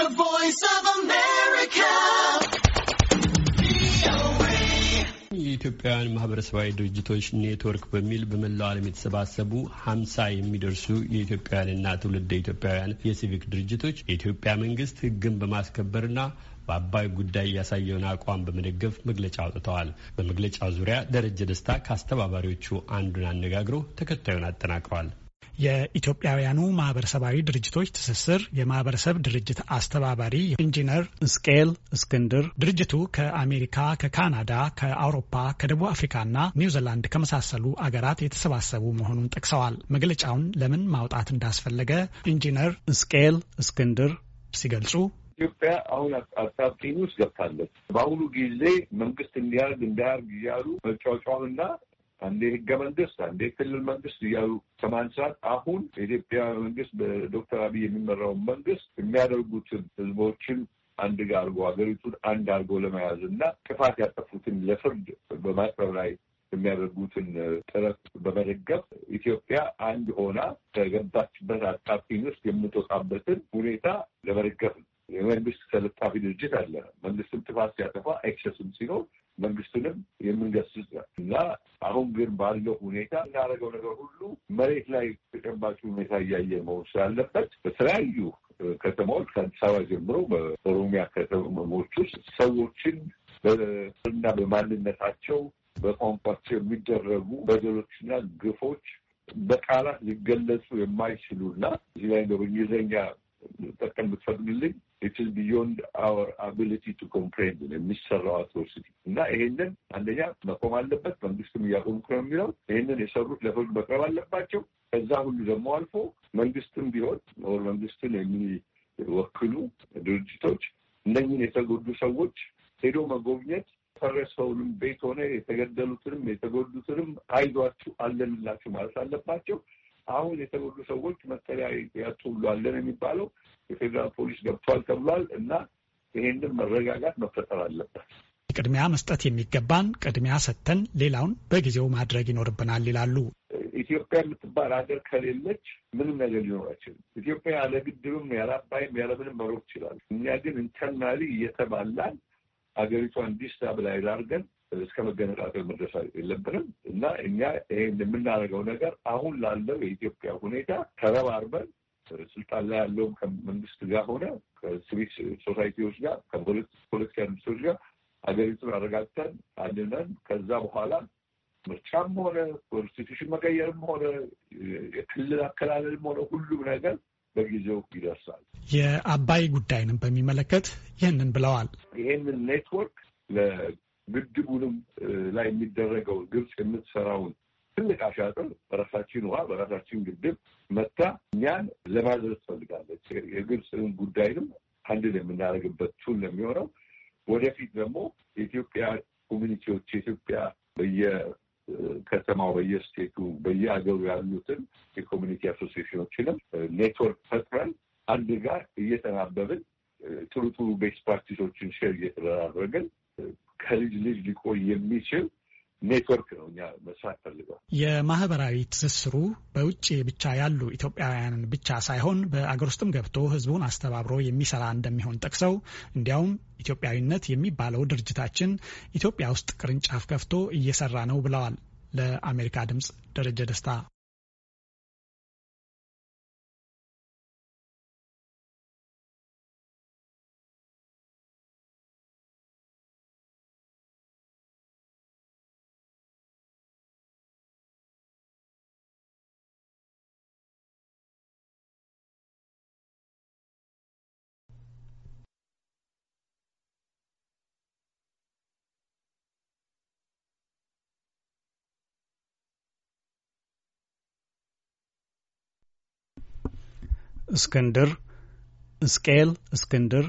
The Voice of America. የኢትዮጵያውያን ማህበረሰባዊ ድርጅቶች ኔትወርክ በሚል በመላው ዓለም የተሰባሰቡ ሀምሳ የሚደርሱ የኢትዮጵያውያንና ትውልደ ኢትዮጵያውያን የሲቪክ ድርጅቶች የኢትዮጵያ መንግስት ህግን በማስከበርና በአባይ ጉዳይ ያሳየውን አቋም በመደገፍ መግለጫ አውጥተዋል። በመግለጫው ዙሪያ ደረጀ ደስታ ከአስተባባሪዎቹ አንዱን አነጋግሮ ተከታዩን አጠናቅሯል። የኢትዮጵያውያኑ ማህበረሰባዊ ድርጅቶች ትስስር የማህበረሰብ ድርጅት አስተባባሪ ኢንጂነር ስኬል እስክንድር ድርጅቱ ከአሜሪካ፣ ከካናዳ፣ ከአውሮፓ፣ ከደቡብ አፍሪካና ኒውዚላንድ ከመሳሰሉ አገራት የተሰባሰቡ መሆኑን ጠቅሰዋል። መግለጫውን ለምን ማውጣት እንዳስፈለገ ኢንጂነር እስቄል እስክንድር ሲገልጹ ኢትዮጵያ አሁን አጣብቂኝ ውስጥ ገብታለች። በአሁኑ ጊዜ መንግስት እንዲያርግ እንዳያርግ እያሉ መጫወጫውንና አንዴ ህገ መንግስት፣ አንዴ ክልል መንግስት እያሉ ከማንሳት አሁን የኢትዮጵያ መንግስት በዶክተር አብይ የሚመራውን መንግስት የሚያደርጉትን ህዝቦችን አንድ ጋር አድርጎ ሀገሪቱን አንድ አድርጎ ለመያዝ እና ጥፋት ያጠፉትን ለፍርድ በማቅረብ ላይ የሚያደርጉትን ጥረት በመደገፍ ኢትዮጵያ አንድ ሆና ከገባችበት አጣብቂኝ ውስጥ የምትወጣበትን ሁኔታ ለመደገፍ ነው። የመንግስት ተለጣፊ ድርጅት አለ። መንግስትም ጥፋት ሲያጠፋ ኤክሰስም ሲኖር መንግስትንም የምንገስጽ እና አሁን ግን ባለው ሁኔታ እናደረገው ነገር ሁሉ መሬት ላይ ተጨባጭ ሁኔታ እያየ መሆን ስላለበት በተለያዩ ከተማዎች ከአዲስ አበባ ጀምሮ በኦሮሚያ ከተሞች ውስጥ ሰዎችን እና በማንነታቸው በቋንቋቸው የሚደረጉ በደሎችና ግፎች በቃላት ሊገለጹ የማይችሉና እዚህ ላይ በእንግሊዝኛ ጠቀም ብትፈቅዱልኝ ኢትስ ቢዮንድ አወር አቢሊቲ ቱ ኮምፕሬንድ የሚሰራው አትሮሲቲ እና ይሄንን አንደኛ መቆም አለበት። መንግስትም እያቆምኩ ነው የሚለው ይህንን የሰሩት ለፍርድ መቅረብ አለባቸው። ከዛ ሁሉ ደግሞ አልፎ መንግስትም ቢሆን ወር መንግስትን የሚወክሉ ድርጅቶች እነኝን የተጎዱ ሰዎች ሄዶ መጎብኘት ፈረሰውንም ቤት ሆነ የተገደሉትንም የተጎዱትንም አይዟችሁ አለንላችሁ ማለት አለባቸው። አሁን የተጎዱ ሰዎች መጠለያ ያጡ ሁሉ አለን የሚባለው የፌዴራል ፖሊስ ገብቷል ተብሏል እና ይሄንን መረጋጋት መፈጠር አለበት። ቅድሚያ መስጠት የሚገባን ቅድሚያ ሰጥተን ሌላውን በጊዜው ማድረግ ይኖርብናል ይላሉ። ኢትዮጵያ የምትባል ሀገር ከሌለች ምንም ነገር ሊኖር አይችልም። ኢትዮጵያ ያለ ግድብም ያለ አባይም ያለ ምንም መሮጥ ይችላል። እኛ ግን ኢንተርናሊ እየተባላን ሀገሪቷን ዲስታብላይዝ አድርገን እስከ መገነጣጠል መድረስ የለብንም እና እኛ ይሄን የምናደርገው ነገር አሁን ላለው የኢትዮጵያ ሁኔታ ተረባርበን ስልጣን ላይ ያለውም ከመንግስት ጋር ሆነ ከሲቪክ ሶሳይቲዎች ጋር ከፖለቲካ ድርጅቶች ጋር ሀገሪቱን አረጋግተን አንድነን ከዛ በኋላ ምርጫም ሆነ ኮንስቲቱሽን መቀየርም ሆነ የክልል አከላለልም ሆነ ሁሉም ነገር በጊዜው ይደርሳል። የአባይ ጉዳይንም በሚመለከት ይህንን ብለዋል። ይህንን ኔትወርክ ግድቡንም ላይ የሚደረገው ግብፅ የምትሰራውን ትልቅ አሻጥር በራሳችን ውሃ በራሳችን ግድብ መታ እኛን ለማዘዝ ትፈልጋለች። የግብፅን ጉዳይንም አንድን የምናደርግበት ቱል ለሚሆነው ወደፊት ደግሞ የኢትዮጵያ ኮሚኒቲዎች የኢትዮጵያ በየከተማው በየስቴቱ በየአገሩ ያሉትን የኮሚኒቲ አሶሲሽኖችንም ኔትወርክ ፈጥረን አንድ ጋር እየተናበብን ጥሩ ጥሩ ቤስት ፕራክቲሶችን ሼር እየተደራረግን ከልጅ ልጅ ሊቆይ የሚችል ኔትወርክ ነው እኛ መስራት ፈልገው። የማህበራዊ ትስስሩ በውጭ ብቻ ያሉ ኢትዮጵያውያንን ብቻ ሳይሆን በአገር ውስጥም ገብቶ ህዝቡን አስተባብሮ የሚሰራ እንደሚሆን ጠቅሰው እንዲያውም ኢትዮጵያዊነት የሚባለው ድርጅታችን ኢትዮጵያ ውስጥ ቅርንጫፍ ከፍቶ እየሰራ ነው ብለዋል። ለአሜሪካ ድምፅ ደረጀ ደስታ እስክንድር፣ እስቄል፣ እስክንድር